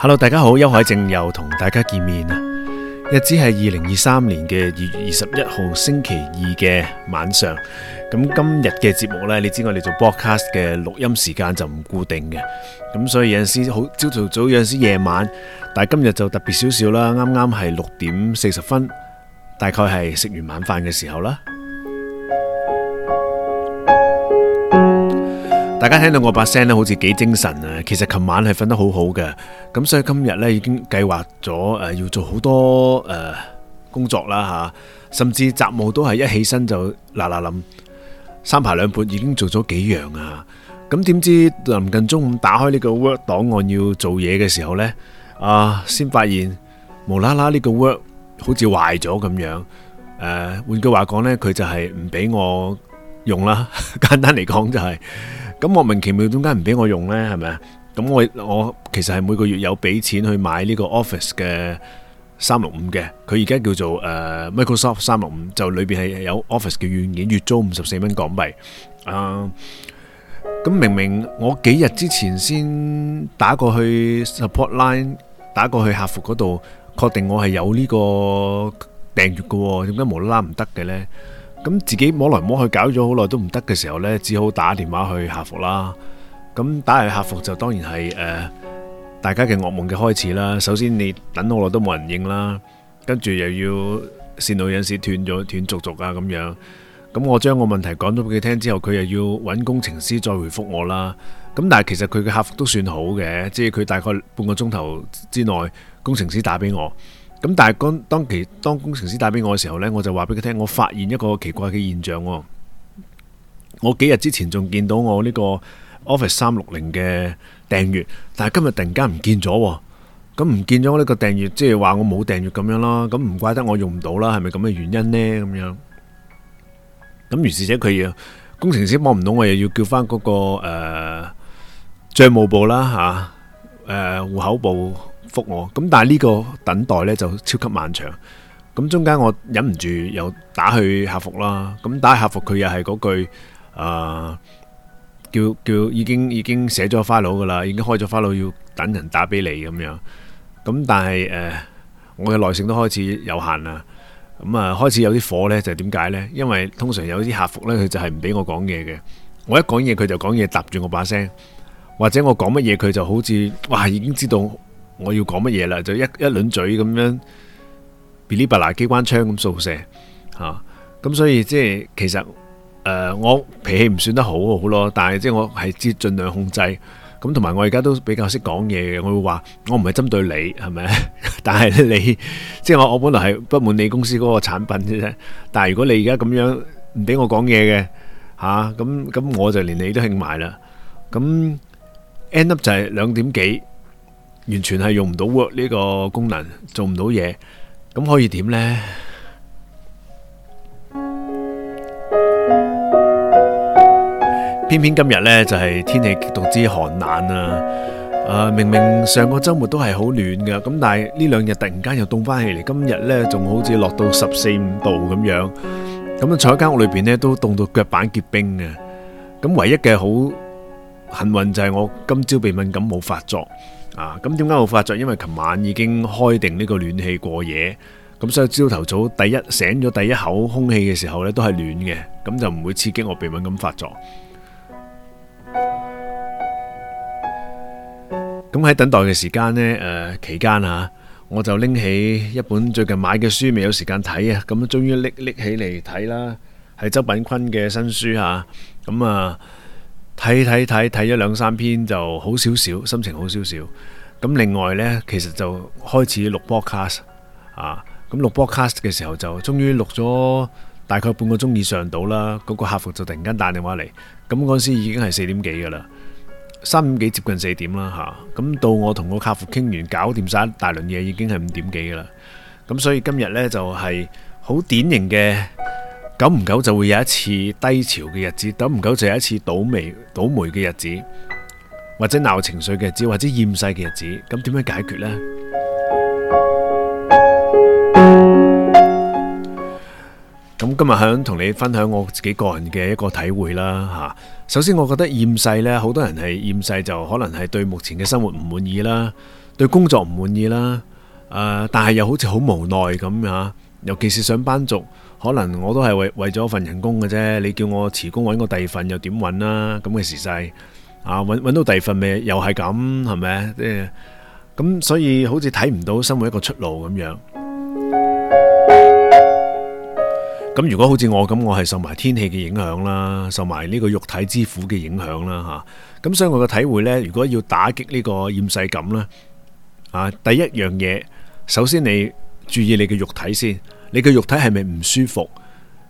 hello，大家好，邱海靖又同大家見面啊！日子係二零二三年嘅二月二十一號星期二嘅晚上。咁今日嘅節目呢，你知我哋做 podcast 嘅錄音時間就唔固定嘅。咁所以有陣時好朝頭早，有陣時夜晚。但係今日就特別少少啦，啱啱係六點四十分，大概係食完晚飯嘅時候啦。大家聽到我把聲咧，好似幾精神啊！其實琴晚係瞓得好好嘅，咁所以今日咧已經計劃咗誒，要做好多誒工作啦吓，甚至雜務都係一起身就嗱嗱冧，三扒兩撥已經做咗幾樣啊！咁點知臨近中午打開呢個 Word 檔案要做嘢嘅時候咧，啊，先發現無啦啦呢個 Word 好似壞咗咁樣。誒，換句話講咧，佢就係唔俾我。用啦，簡單嚟講就係，咁莫名其妙點解唔俾我用呢？係咪啊？咁我我其實係每個月有俾錢去買呢個 Office 嘅三六五嘅，佢而家叫做誒 Microsoft 三六五，就裏邊係有 Office 嘅軟件，月租五十四蚊港幣。啊，咁明明我幾日之前先打過去 support line，打過去客服嗰度，確定我係有呢個訂閱嘅，點解無啦啦唔得嘅呢？咁自己摸來摸去搞咗好耐都唔得嘅時候呢，只好打電話去客服啦。咁打去客服就當然係誒、呃，大家嘅噩夢嘅開始啦。首先你等好耐都冇人應啦，跟住又要線路有時斷咗斷續續啊咁樣。咁我將個問題講咗俾佢聽之後，佢又要搵工程師再回復我啦。咁但係其實佢嘅客服都算好嘅，即係佢大概半個鐘頭之內，工程師打俾我。咁但係當當其當工程師打俾我嘅時候呢，我就話俾佢聽，我發現一個奇怪嘅現象。我幾日之前仲見到我呢個 Office 三六零嘅訂閱，但係今日突然間唔見咗。咁唔見咗我呢個訂閱，即係話我冇訂閱咁樣啦。咁唔怪得我用唔到啦，係咪咁嘅原因呢？咁樣咁，於是者佢要工程師幫唔到，我又要叫翻、那、嗰個誒賬、呃、務部啦吓，戶、啊呃、口部。覆我咁，但係呢個等待呢就超級漫長。咁中間我忍唔住又打去客服啦。咁打客服佢又係嗰句誒、呃、叫叫已經已經寫咗 file 噶啦，已經開咗 file 要等人打俾你咁樣。咁但係誒、呃、我嘅耐性都開始有限啦。咁啊開始有啲火呢就點解呢？因為通常有啲客服呢，佢就係唔俾我講嘢嘅。我一講嘢，佢就講嘢，答住我把聲，或者我講乜嘢，佢就好似哇已經知道。我要講乜嘢啦？就一一輪嘴咁樣，噼里啪啦機關槍咁掃射，吓，咁所以即係其實誒，我脾氣唔算得好好咯，但係即係我係接盡量控制。咁同埋我而家都比較識講嘢嘅，我會話我唔係針對你係咪？但係你即係我我本來係不滿你公司嗰個產品啫，但係如果你而家咁樣唔俾我講嘢嘅，吓，咁咁我就連你都興埋啦。咁 end up 就係兩點幾。完全係用唔到 Word 呢個功能，做唔到嘢，咁可以點呢？偏偏今日呢就係天氣極度之寒冷啊！誒，明明上個周末都係好暖噶，咁但係呢兩日突然間又凍翻起嚟，今日呢仲好似落到十四五度咁樣，咁啊，坐喺間屋裏邊呢都凍到腳板結冰嘅。咁唯一嘅好幸運就係我今朝鼻敏感冇發作。啊，咁點解冇發作？因為琴晚已經開定呢個暖氣過夜，咁所以朝頭早第一醒咗第一口空氣嘅時候咧，都係暖嘅，咁就唔會刺激我鼻敏感發作。咁、嗯、喺等待嘅時間呢誒、呃、期間啊，我就拎起一本最近買嘅書，未有時間睇啊，咁啊終於拎拎起嚟睇啦，係周品坤嘅新書啊。咁啊。睇睇睇睇咗兩三篇就好少少，心情好少少。咁另外呢，其實就開始錄 podcast 啊。咁錄 podcast 嘅時候就終於錄咗大概半個鐘以上到啦。嗰個客服就突然間打電話嚟。咁嗰陣時已經係四點幾㗎啦，三點幾接近四點啦吓。咁到我同個客服傾完，搞掂晒一大輪嘢，已經係五點幾㗎啦。咁所以今日呢就係好典型嘅。久唔久就會有一次低潮嘅日子，久唔久就有一次倒霉倒霉嘅日子，或者鬧情緒嘅日子，或者厭世嘅日子。咁點樣解決呢？咁、嗯、今日想同你分享我自己個人嘅一個體會啦，吓。首先，我覺得厭世呢，好多人係厭世，就可能係對目前嘅生活唔滿意啦，對工作唔滿意啦。但係又好似好無奈咁吓，尤其是上班族。可能我都係為為咗份人工嘅啫，你叫我辭工搵個第二份又點搵啦？咁嘅時勢啊，搵搵到第二份咪又係咁係咪？即係咁，所以好似睇唔到生活一個出路咁樣。咁如果好似我咁，我係受埋天氣嘅影響啦，受埋呢個肉體之苦嘅影響啦吓。咁所以我嘅體會呢，如果要打擊呢個厭世感啦，啊，第一樣嘢，首先你注意你嘅肉體先。你嘅肉體係咪唔舒服？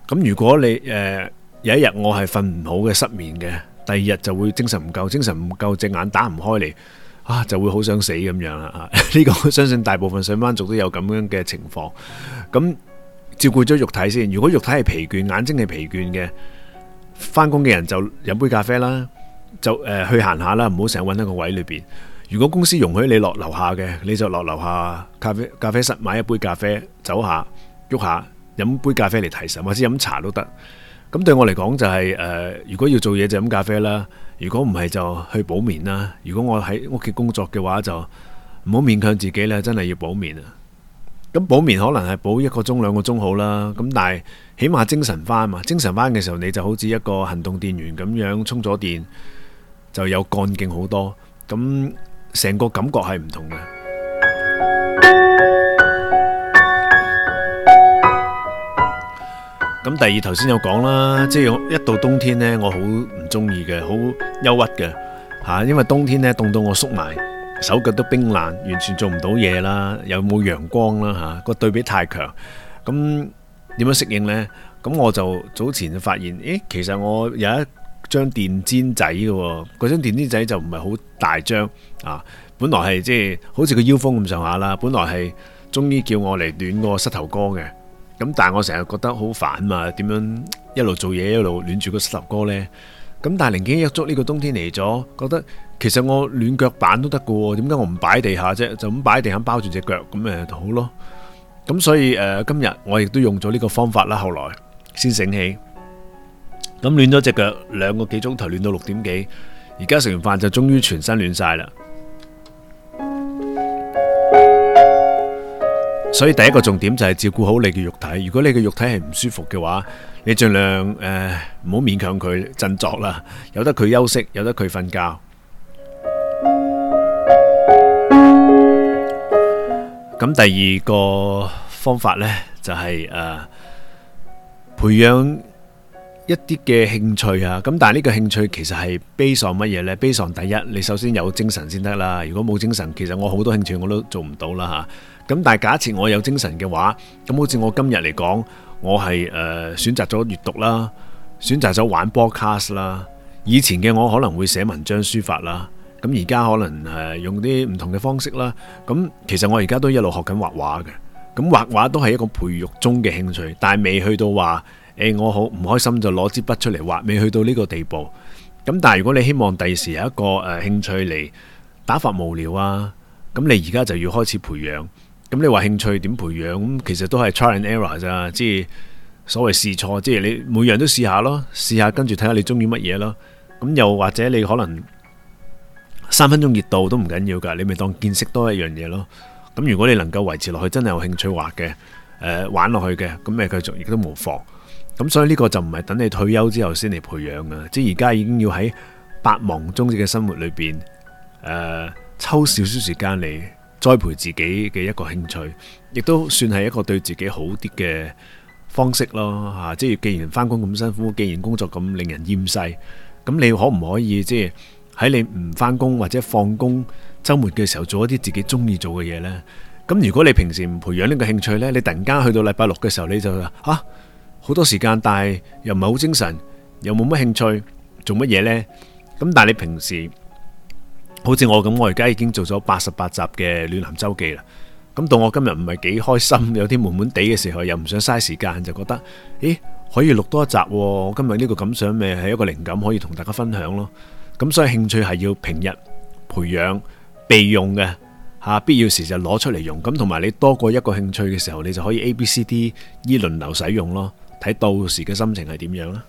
咁如果你誒、呃、有一日我係瞓唔好嘅失眠嘅，第二日就會精神唔夠，精神唔夠隻眼打唔開嚟，啊就會好想死咁樣啦！啊，呢、啊這個我相信大部分上班族都有咁樣嘅情況。咁照顧咗肉體先，如果肉體係疲倦，眼睛係疲倦嘅，翻工嘅人就飲杯咖啡啦，就誒、呃、去行下啦，唔好成日揾喺個位裏邊。如果公司容許你落樓下嘅，你就落樓下咖啡咖啡室買一杯咖啡走下。喐下，飲杯咖啡嚟提神，或者飲茶都得。咁對我嚟講就係、是、誒、呃，如果要做嘢就飲咖啡啦；如果唔係就去補眠啦。如果我喺屋企工作嘅話就，就唔好勉強自己啦，真係要補眠啊。咁補眠可能係補一個鐘兩個鐘好啦。咁但係起碼精神翻啊嘛，精神翻嘅時候你就好似一個行動電源咁樣充咗電，就有幹勁好多。咁成個感覺係唔同嘅。咁第二頭先有講啦，即係一到冬天呢，我好唔中意嘅，好憂鬱嘅吓。因為冬天呢，凍到我縮埋手腳都冰冷，完全做唔到嘢啦，又冇陽光啦吓，個對比太強。咁點樣適應呢？咁我就早前就發現，誒，其實我有一張電氈仔嘅，嗰張電氈仔就唔係好大張啊，本來係即係好似個腰封咁上下啦，本來係中醫叫我嚟，暖個膝頭哥嘅。咁但係我成日覺得好煩呀，點樣一路做嘢一路暖住個膝頭哥呢？咁但係零幾一足呢、這個冬天嚟咗，覺得其實我暖腳板都得嘅，點解我唔擺地下啫？就咁擺地下包住隻腳咁咪就好咯。咁所以誒、呃、今日我亦都用咗呢個方法啦，後來先醒起，咁、嗯、暖咗隻腳兩個幾鐘頭，暖到六點幾，而家食完飯就終於全身暖晒啦。所以第一個重點就係照顧好你嘅肉體。如果你嘅肉體係唔舒服嘅話，你盡量誒唔好勉強佢振作啦，由得佢休息，由得佢瞓覺。咁第二個方法呢就係誒培養一啲嘅興趣啊。咁但係呢個興趣其實係 base on 乜嘢呢？base on 第一，你首先有精神先得啦。如果冇精神，其實我好多興趣我都做唔到啦吓。咁但係假設我有精神嘅話，咁好似我今日嚟講，我係誒選擇咗閱讀啦，選擇咗玩 podcast 啦。以前嘅我可能會寫文章、書法啦，咁而家可能誒用啲唔同嘅方式啦。咁其實我而家都一路學緊畫畫嘅，咁畫畫都係一個培育中嘅興趣，但係未去到話誒、欸、我好唔開心就攞支筆出嚟畫，未去到呢個地步。咁但係如果你希望第時有一個誒興趣嚟打發無聊啊，咁你而家就要開始培養。咁你話興趣點培養咁？其實都係 try and error 咋，即係所謂試錯，即係你每樣都試下咯，試下跟住睇下你中意乜嘢咯。咁又或者你可能三分鐘熱度都唔緊要噶，你咪當見識多一樣嘢咯。咁如果你能夠維持落去，真係有興趣畫嘅，誒、呃、玩落去嘅，咁咪繼續亦都無妨。咁所以呢個就唔係等你退休之後先嚟培養噶，即係而家已經要喺百忙中嘅生活裏邊，誒、呃、抽少少時間嚟。栽培自己嘅一個興趣，亦都算係一個對自己好啲嘅方式咯。吓，即係既然翻工咁辛苦，既然工作咁令人厭世，咁你可唔可以即係喺你唔翻工或者放工周末嘅時候做一啲自己中意做嘅嘢呢？咁如果你平時唔培養呢個興趣呢，你突然間去到禮拜六嘅時候，你就話吓好多時間，但係又唔係好精神，又冇乜興趣做乜嘢呢？咁但係你平時。好似我咁，我而家已經做咗八十八集嘅《暖男周記》啦。咁到我今日唔係幾開心，有啲悶悶地嘅時候，又唔想嘥時間，就覺得，咦，可以錄多一集喎。我今日呢個感想咪係一個靈感，可以同大家分享咯。咁所以興趣係要平日培養備用嘅嚇，必要時就攞出嚟用。咁同埋你多過一個興趣嘅時候，你就可以 A、B、C、D、E 輪流使用咯。睇到時嘅心情係點樣啦。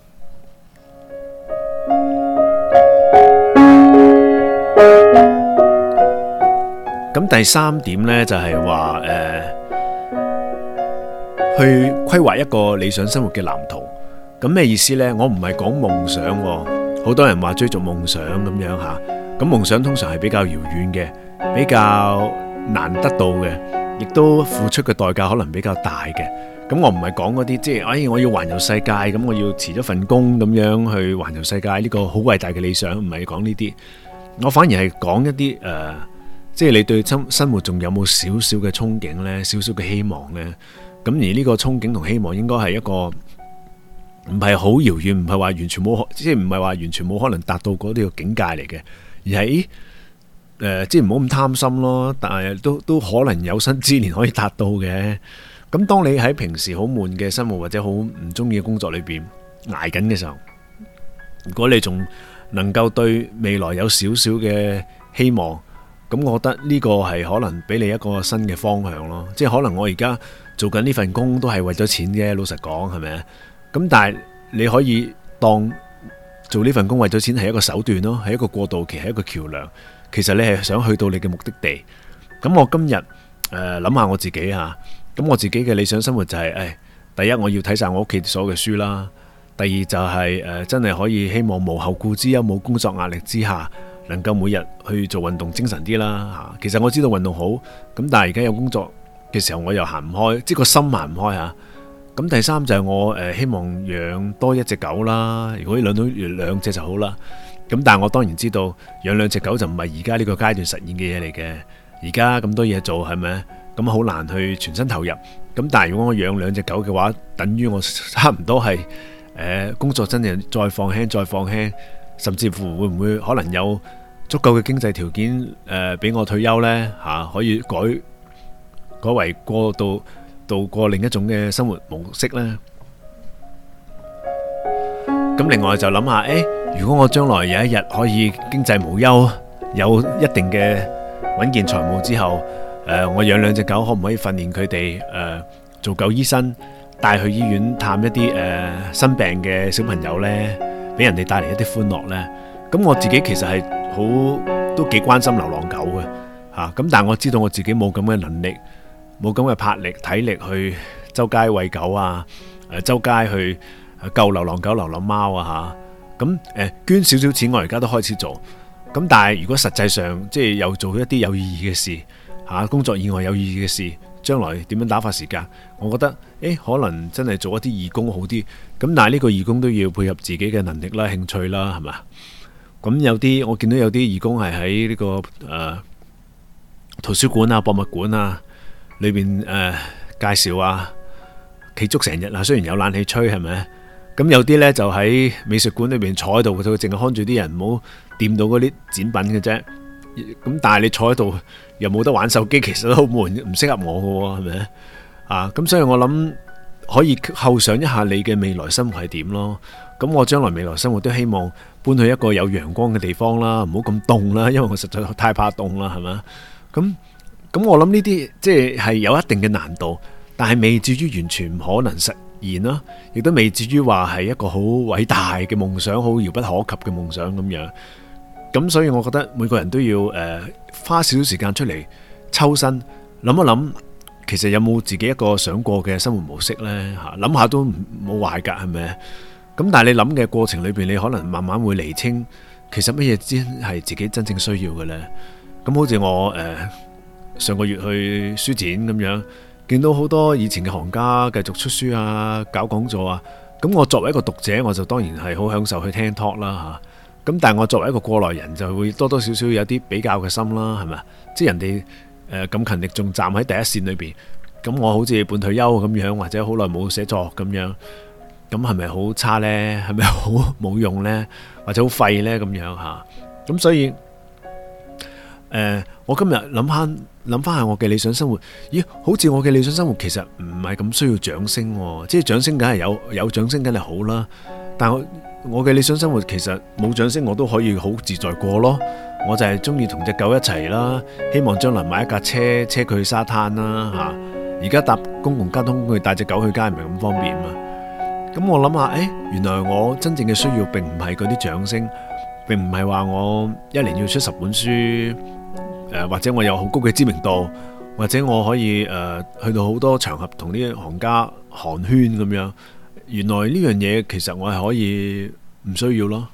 咁第三點呢，就係話誒，去規劃一個理想生活嘅藍圖。咁咩意思呢？我唔係講夢想，好多人話追逐夢想咁樣吓。咁夢想通常係比較遙遠嘅，比較難得到嘅，亦都付出嘅代價可能比較大嘅。咁我唔係講嗰啲，即係哎，我要環遊世界，咁我要辭咗份工咁樣去環遊世界呢個好偉大嘅理想，唔係講呢啲。我反而係講一啲誒。呃即係你對生活仲有冇少少嘅憧憬呢？少少嘅希望呢？咁而呢個憧憬同希望應該係一個唔係好遙遠，唔係話完全冇，即係唔係話完全冇可能達到嗰啲嘅境界嚟嘅，而係誒、呃，即係唔好咁貪心咯。但係都都可能有生之年可以達到嘅。咁當你喺平時好悶嘅生活或者好唔中意嘅工作裏邊挨緊嘅時候，如果你仲能夠對未來有少少嘅希望。咁，我覺得呢個係可能俾你一個新嘅方向咯。即係可能我而家做緊呢份工都係為咗錢啫，老實講係咪？咁但係你可以當做呢份工為咗錢係一個手段咯，係一個過渡期，係一個橋梁。其實你係想去到你嘅目的地。咁我今日誒諗下我自己嚇。咁、啊、我自己嘅理想生活就係、是、誒、哎，第一我要睇晒我屋企所有嘅書啦。第二就係、是呃、真係可以希望無後顧之憂、冇工作壓力之下。能夠每日去做運動，精神啲啦嚇。其實我知道運動好，咁但係而家有工作嘅時候，我又行唔開，即係個心行唔開嚇。咁第三就係我誒希望養多一隻狗啦。如果養到兩，兩隻就好啦。咁但係我當然知道養兩隻狗就唔係而家呢個階段實現嘅嘢嚟嘅。而家咁多嘢做係咪？咁好難去全身投入。咁但係如果我養兩隻狗嘅話，等於我差唔多係誒工作真係再放輕再放輕，甚至乎會唔會可能有？足夠嘅經濟條件，誒，俾我退休呢？吓，可以改改為過到度過另一種嘅生活模式呢。咁另外就諗下，誒，如果我將來有一日可以經濟無憂，有一定嘅穩健財務之後，誒，我養兩隻狗，可唔可以訓練佢哋誒做狗醫生，帶去醫院探一啲誒生病嘅小朋友呢，俾人哋帶嚟一啲歡樂呢？咁我自己其實係。好都幾關心流浪狗嘅吓，咁、啊、但係我知道我自己冇咁嘅能力，冇咁嘅魄力、體力去周街餵狗啊，誒、啊、周街去救流浪狗、流浪貓啊吓，咁、啊、誒捐少少錢，我而家都開始做，咁、啊、但係如果實際上即係又做一啲有意義嘅事吓、啊，工作以外有意義嘅事，將來點樣打發時間？我覺得誒、欸、可能真係做一啲義工好啲，咁但係呢個義工都要配合自己嘅能力啦、興趣啦，係嘛？咁有啲，我見到有啲義工係喺呢個誒、呃、圖書館啊、博物館啊裏邊誒介紹啊，企足成日啊，雖然有冷氣吹，係咪？咁有啲呢，就喺美術館裏邊坐喺度，佢淨係看住啲人唔好掂到嗰啲展品嘅啫。咁但係你坐喺度又冇得玩手機，其實都好悶，唔適合我嘅喎、啊，係咪？啊，咁所以我諗可以構想一下你嘅未來生活係點咯。咁我將來未來生活都希望。搬去一個有陽光嘅地方啦，唔好咁凍啦，因為我實在太怕凍啦，係咪啊？咁咁我諗呢啲即係有一定嘅難度，但係未至於完全唔可能實現啦，亦都未至於話係一個好偉大嘅夢想，好遙不可及嘅夢想咁樣。咁所以我覺得每個人都要誒、呃、花少少時間出嚟抽身諗一諗，其實有冇自己一個想過嘅生活模式呢？嚇？諗下都冇壞㗎，係咪？咁但係你諗嘅過程裏邊，你可能慢慢會厘清，其實乜嘢先係自己真正需要嘅呢？咁好似我誒、呃、上個月去書展咁樣，見到好多以前嘅行家繼續出書啊，搞講座啊。咁我作為一個讀者，我就當然係好享受去聽 talk 啦吓。咁、啊、但係我作為一個過來人，就會多多少少有啲比較嘅心啦，係咪？即係人哋誒咁勤力，仲站喺第一綫裏邊。咁我好似半退休咁樣，或者好耐冇寫作咁樣。咁係咪好差呢？係咪好冇用呢？或者好廢呢？咁樣吓咁，所以誒、呃，我今日諗翻諗翻下我嘅理想生活。咦，好似我嘅理想生活其實唔係咁需要掌聲、啊，即係掌聲有，梗係有有掌聲梗係好啦。但我我嘅理想生活其實冇掌聲，我都可以好自在過咯。我就係中意同隻狗一齊啦，希望將來買一架車，車佢去沙灘啦吓。而家搭公共交通工具，帶隻狗去街，唔係咁方便嘛。咁我諗下，誒，原來我真正嘅需要並唔係嗰啲掌聲，並唔係話我一年要出十本書，呃，或者我有好高嘅知名度，或者我可以誒、呃，去到好多場合同啲行家寒暄咁樣。原來呢樣嘢其實我係可以唔需要咯。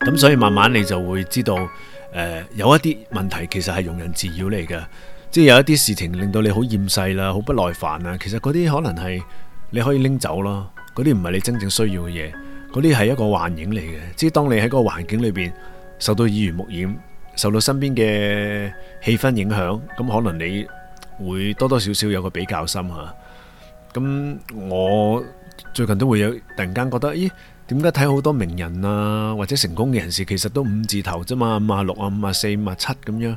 咁所以慢慢你就會知道，誒、呃，有一啲問題其實係庸人自擾嚟嘅。即係有一啲事情令到你好厭世啦，好不耐煩啊。其實嗰啲可能係你可以拎走咯，嗰啲唔係你真正需要嘅嘢，嗰啲係一個幻影嚟嘅。即係當你喺嗰個環境裏邊受到耳濡目染，受到身邊嘅氣氛影響，咁可能你會多多少少有個比較心吓。咁我最近都會有突然間覺得，咦？點解睇好多名人啊，或者成功嘅人士，其實都五字頭啫嘛，五啊六啊，五啊四，五啊七咁樣。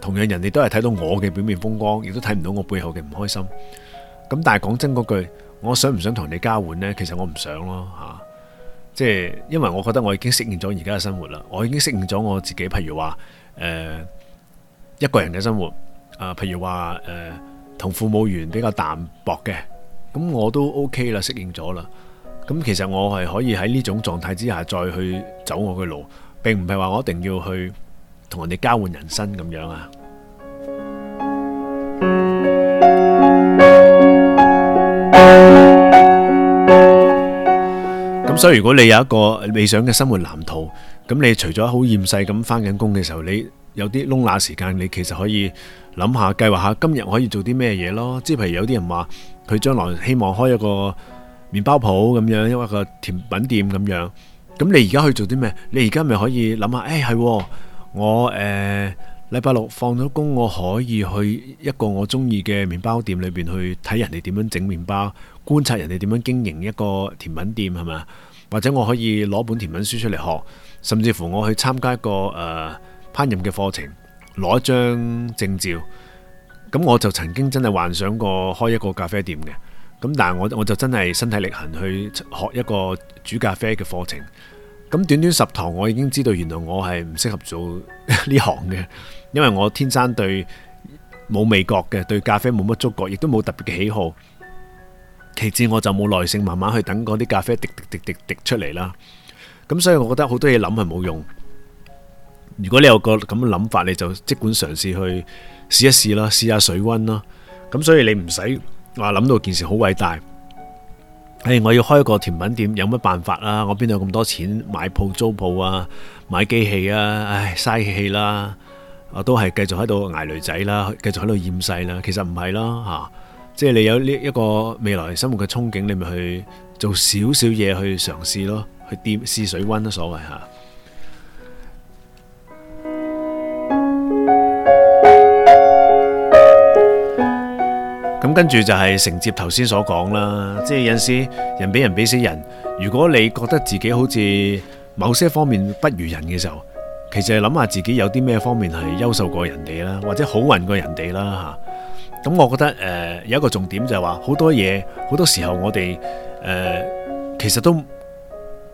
同樣人哋都係睇到我嘅表面風光，亦都睇唔到我背後嘅唔開心。咁但係講真嗰句，我想唔想同你交換呢？其實我唔想咯，嚇。即係因為我覺得我已經適應咗而家嘅生活啦，我已經適應咗我自己。譬如話誒，一個人嘅生活，啊，譬如話誒，同父母緣比較淡薄嘅，咁我都 OK 啦，適應咗啦。咁其實我係可以喺呢種狀態之下再去走我嘅路，並唔係話我一定要去同人哋交換人生咁樣啊！咁所以如果你有一個理想嘅生活藍圖，咁你除咗好厭世咁返緊工嘅時候，你有啲窿罅時間，你其實可以諗下計劃下，今日可以做啲咩嘢咯。即係譬如有啲人話佢將來希望開一個麵包鋪咁樣，一個甜品店咁樣。咁你而家去做啲咩？你而家咪可以諗下，誒係。我誒，禮拜六放咗工，我可以去一個我中意嘅麵包店裏邊去睇人哋點樣整麵包，觀察人哋點樣經營一個甜品店，係咪？或者我可以攞本甜品書出嚟學，甚至乎我去參加一個誒、呃、烹飪嘅課程，攞張證照。咁我就曾經真係幻想過開一個咖啡店嘅，咁但係我我就真係身體力行去學一個煮咖啡嘅課程。咁短短十堂，我已經知道原來我係唔適合做呢行嘅，因為我天生對冇味覺嘅，對咖啡冇乜觸覺，亦都冇特別嘅喜好。其次，我就冇耐性慢慢去等嗰啲咖啡滴滴滴滴滴滴出嚟啦。咁所以我覺得好多嘢諗係冇用。如果你有個咁嘅諗法，你就即管嘗試去試一試啦，試下水溫啦。咁所以你唔使話諗到件事好偉大。誒、哎，我要開個甜品店，有乜辦法啊？我邊度咁多錢買鋪租鋪啊？買機器啊？唉，嘥氣啦！我、啊、都係繼續喺度捱騾仔啦，繼續喺度厭世啦。其實唔係啦吓，即、啊、係、就是、你有呢一個未來生活嘅憧憬，你咪去做少少嘢去嘗試咯，去掂試水溫都、啊、所謂吓。跟住就係承接頭先所講啦，即係有時人比人比死人。如果你覺得自己好似某些方面不如人嘅時候，其實係諗下自己有啲咩方面係優秀過人哋啦，或者好運過人哋啦嚇。咁我覺得誒、呃、有一個重點就係話，好多嘢好多時候我哋誒、呃、其實都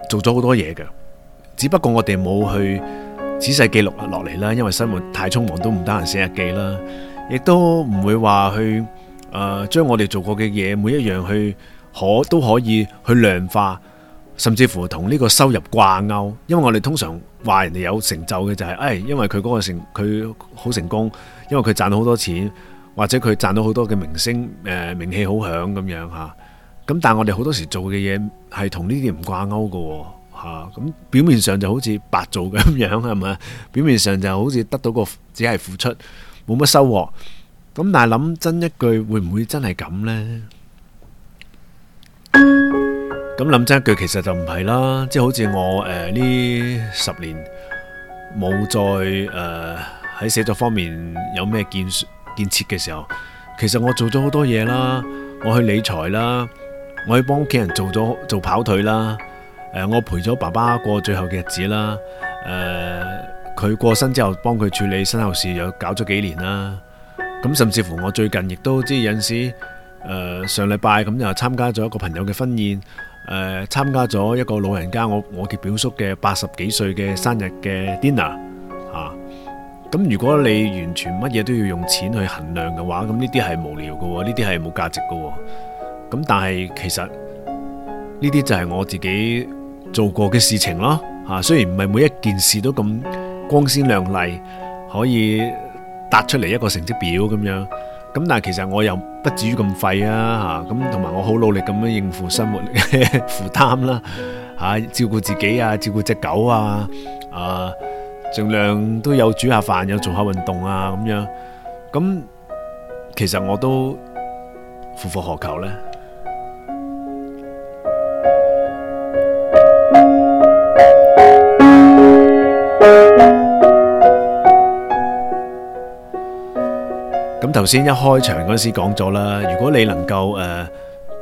做咗好多嘢嘅，只不過我哋冇去仔細記錄落嚟啦，因為生活太匆忙都唔得閒寫日記啦，亦都唔會話去。將我哋做過嘅嘢每一樣去可都可以去量化，甚至乎同呢個收入掛鈎。因為我哋通常話人哋有成就嘅就係、是，誒、哎，因為佢嗰個成佢好成功，因為佢賺到好多錢，或者佢賺到好多嘅明星誒名氣好響咁樣嚇。咁但係我哋好多時做嘅嘢係同呢啲唔掛鈎嘅喎嚇。咁表面上就好似白做咁樣係咪？表面上就好似得到個只係付出，冇乜收穫。咁但係諗真一句，會唔會真係咁呢？咁諗 真一句，其實就唔係啦。即、就、係、係、好似我誒呢、呃、十年冇再誒喺寫作方面有咩建建設嘅時候，其實我做咗好多嘢啦。我去理財啦，我去幫屋企人做咗做跑腿啦。呃、我陪咗爸爸過最後嘅日子啦。誒、呃，佢過身之後，幫佢處理身後事又搞咗幾年啦。咁甚至乎我最近亦都知有陣時，誒、呃、上禮拜咁又參加咗一個朋友嘅婚宴，誒、呃、參加咗一個老人家，我我嘅表叔嘅八十幾歲嘅生日嘅 dinner 啊，咁如果你完全乜嘢都要用錢去衡量嘅話，咁呢啲係無聊噶、哦，呢啲係冇價值噶、哦，咁但係其實呢啲就係我自己做過嘅事情咯，吓、啊、雖然唔係每一件事都咁光鮮亮麗，可以。答出嚟一個成績表咁樣，咁但係其實我又不至於咁廢啊嚇，咁同埋我好努力咁樣應付生活負擔啦嚇，照顧自己啊，照顧隻狗啊，啊，儘量都有煮下飯，有做下運動啊咁樣，咁其實我都夫復何求呢？頭先一開場嗰時講咗啦，如果你能夠誒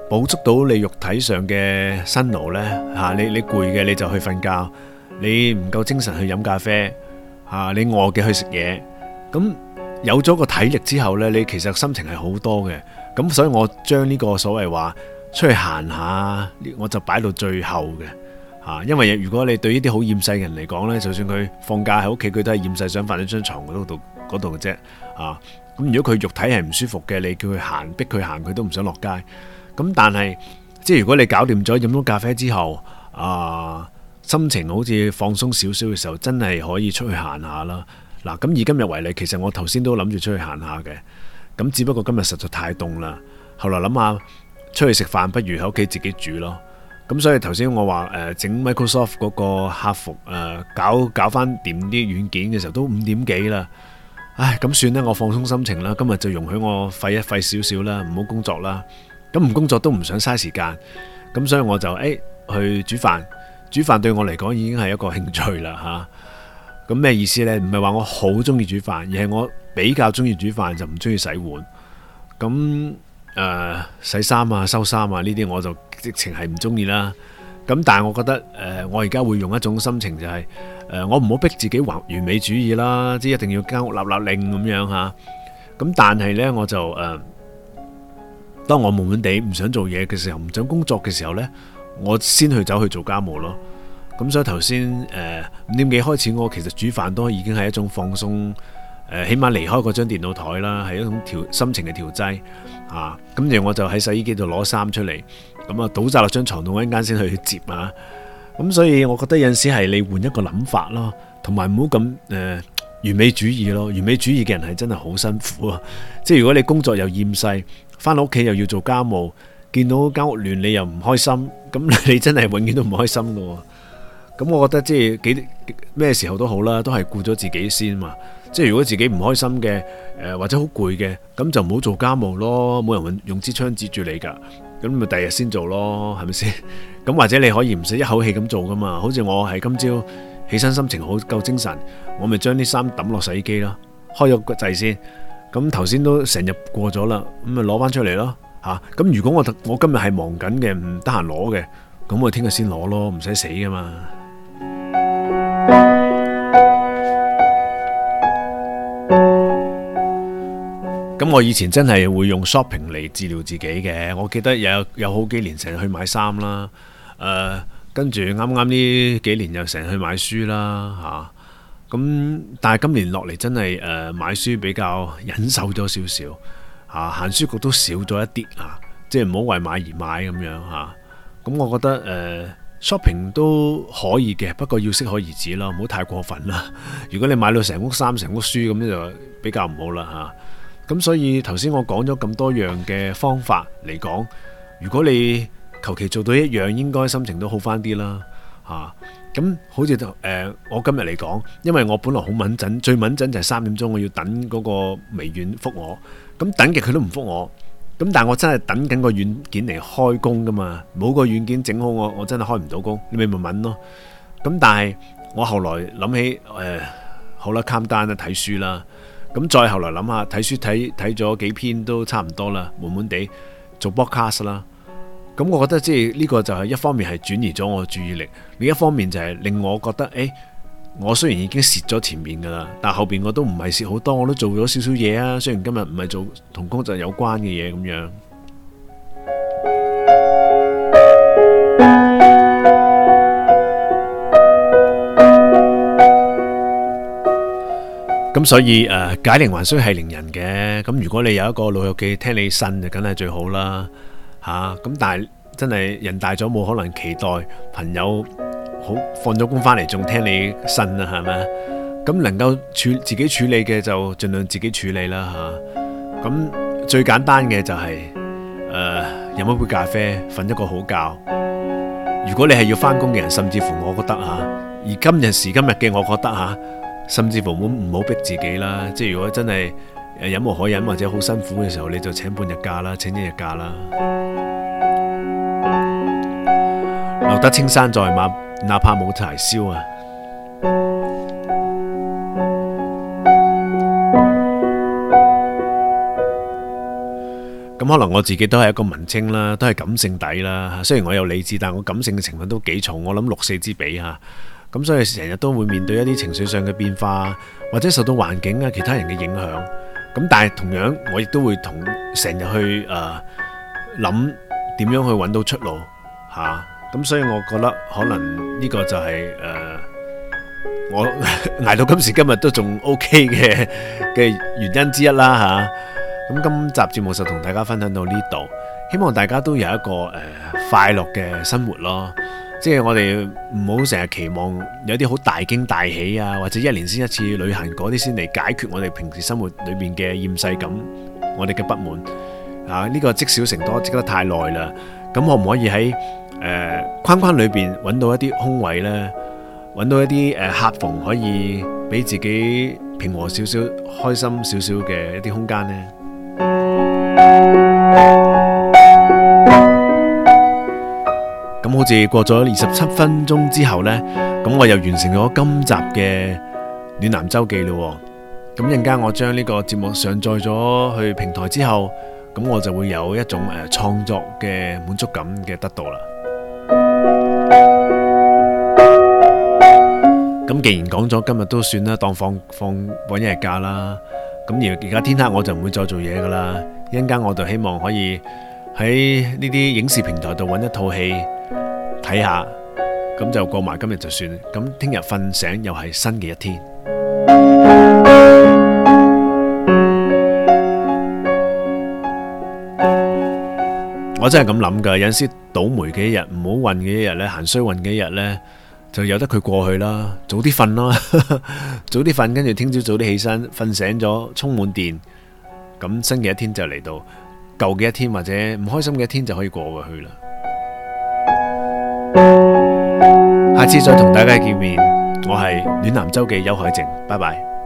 補足到你肉體上嘅辛勞呢，吓，你你攰嘅，你就去瞓覺，你唔夠精神去飲咖啡，吓，你餓嘅去食嘢，咁有咗個體力之後呢，你其實心情係好多嘅。咁所以我將呢個所謂話出去行下，我就擺到最後嘅，吓，因為如果你對呢啲好厭世人嚟講呢，就算佢放假喺屋企，佢都係厭世想瞓喺張床嗰度嗰度嘅啫，啊。咁如果佢肉體係唔舒服嘅，你叫佢行，逼佢行，佢都唔想落街。咁但係，即係如果你搞掂咗飲咗咖啡之後，啊、呃，心情好似放鬆少少嘅時候，真係可以出去行下啦。嗱，咁以今日為例，其實我頭先都諗住出去行下嘅。咁只不過今日實在太凍啦，後來諗下出去食飯，不如喺屋企自己煮咯。咁所以頭先我話誒整 Microsoft 嗰個客服誒搞搞翻點啲軟件嘅時候，都五點幾啦。唉，咁算啦，我放鬆心情啦，今日就容許我廢一廢少少啦，唔好工作啦。咁唔工作都唔想嘥時間，咁所以我就誒、欸、去煮飯。煮飯對我嚟講已經係一個興趣啦，吓、啊。咁咩意思呢？唔係話我好中意煮飯，而係我比較中意煮飯就唔中意洗碗。咁誒、呃、洗衫啊、收衫啊呢啲我就直情係唔中意啦。咁但係我覺得，誒、呃，我而家會用一種心情就係、是，誒、呃，我唔好逼自己完完美主義啦，即係一定要間屋立立令咁樣吓。咁但係呢，我就誒、呃，當我悶悶地唔想做嘢嘅時候，唔想工作嘅時候呢，我先去走去做家務咯。咁所以頭先，誒、呃，五點幾開始我其實煮飯都已經係一種放鬆、呃，起碼離開嗰張電腦台啦，係一種調心情嘅調劑。啊，咁然後我就喺洗衣機度攞衫出嚟。咁啊，倒扎落張床度陣間先去接啊！咁所以我覺得有陣時係你換一個諗法咯，同埋唔好咁誒完美主義咯。完美主義嘅人係真係好辛苦啊！即係如果你工作又厭世，翻到屋企又要做家務，見到間屋亂你又唔開心，咁你真係永遠都唔開心噶。咁我覺得即係幾咩時候都好啦，都係顧咗自己先嘛。即係如果自己唔開心嘅，誒或者好攰嘅，咁就唔好做家務咯，冇人用支槍指住你噶。咁咪第日先做咯，係咪先？咁或者你可以唔使一口氣咁做噶嘛，好似我係今朝起身心情好，夠精神，我咪將啲衫抌落洗衣機咯，開咗個掣先。咁頭先都成日過咗啦，咁咪攞翻出嚟咯，吓。咁如果我我今日係忙緊嘅，唔得閒攞嘅，咁我聽日先攞咯，唔使死噶嘛。咁我以前真係會用 shopping 嚟治療自己嘅，我記得有有好幾年成日去買衫啦，誒、呃，跟住啱啱呢幾年又成日去買書啦，吓、啊，咁但係今年落嚟真係誒、呃、買書比較忍受咗少少，吓、啊，行書局都少咗一啲啊，即係唔好為買而買咁樣吓，咁、啊、我覺得誒、呃、shopping 都可以嘅，不過要適可而止咯，唔好太過分啦，如果你買到成屋衫、成屋書咁就比較唔好啦吓。啊咁所以頭先我講咗咁多樣嘅方法嚟講，如果你求其做到一樣，應該心情都好翻啲啦。嚇、啊，咁好似就誒，我今日嚟講，因為我本來好敏陣，最敏陣就係三點鐘我要等嗰個微軟覆我，咁等極佢都唔覆我，咁但係我真係等緊個軟件嚟開工㗎嘛，冇個軟件整好我，我真係開唔到工，你咪唔明咯？咁但係我後來諗起誒、呃，好啦，down, 看單啦，睇書啦。咁再後來諗下，睇書睇睇咗幾篇都差唔多啦，悶悶地做 podcast 啦。咁我覺得即係呢個就係一方面係轉移咗我嘅注意力，另一方面就係令我覺得誒、欸，我雖然已經蝕咗前面噶啦，但後邊我都唔係蝕好多，我都做咗少少嘢啊。雖然今日唔係做同工作有關嘅嘢咁樣。咁所以誒，解鈴還需繫鈴人嘅。咁如果你有一個老友記聽你呻就梗係最好啦，吓。咁但係真係人大咗冇可能期待朋友好放咗工翻嚟仲聽你呻啊，係咪啊？咁能夠處自己處理嘅就盡量自己處理啦，吓。咁最簡單嘅就係誒，飲一杯咖啡，瞓一個好覺。如果你係要翻工嘅人，甚至乎我覺得啊，而今日時今日嘅我覺得吓。甚至乎唔唔好逼自己啦，即係如果真係忍無可忍或者好辛苦嘅時候，你就請半日假啦，請一日假啦。留得青山在嘛，哪怕冇柴燒啊！咁可能我自己都係一個文青啦，都係感性底啦。雖然我有理智，但我感性嘅成分都幾重。我諗六四之比吓。咁所以成日都會面對一啲情緒上嘅變化，或者受到環境啊、其他人嘅影響。咁但係同樣，我亦都會同成日去誒諗點樣去揾到出路嚇。咁所以我覺得可能呢個就係誒我捱到今時今日都仲 OK 嘅嘅原因之一啦嚇。咁今集節目就同大家分享到呢度，希望大家都有一個誒快樂嘅生活咯。即係我哋唔好成日期望有啲好大驚大喜啊，或者一年先一次旅行嗰啲先嚟解決我哋平時生活裏面嘅厭世感、我哋嘅不滿啊。呢個積少成多，積得太耐啦。咁可唔可以喺誒、呃、框框裏邊揾到一啲空位呢？揾到一啲誒恰逢可以俾自己平和少少、開心少少嘅一啲空間呢？好似過咗二十七分鐘之後呢，咁我又完成咗今集嘅《暖男周記》咯。咁一陣間我將呢個節目上載咗去平台之後，咁我就會有一種誒創作嘅滿足感嘅得到啦。咁既然講咗今日都算啦，當放放搵一日假啦。咁而而家天黑，我就唔會再做嘢噶啦。一陣間我就希望可以喺呢啲影視平台度搵一套戲。睇下，咁就過埋今日就算。咁聽日瞓醒又係新嘅一天。我真係咁諗噶，有時倒霉嘅一日，唔好運嘅一日咧，行衰運嘅一日咧，就由得佢過去啦。早啲瞓咯，早啲瞓，跟住聽朝早啲起身，瞓醒咗充滿電，咁新嘅一天就嚟到，舊嘅一天或者唔開心嘅一天就可以過過去啦。下次再同大家見面，我係暖南州嘅邱海靖，拜拜。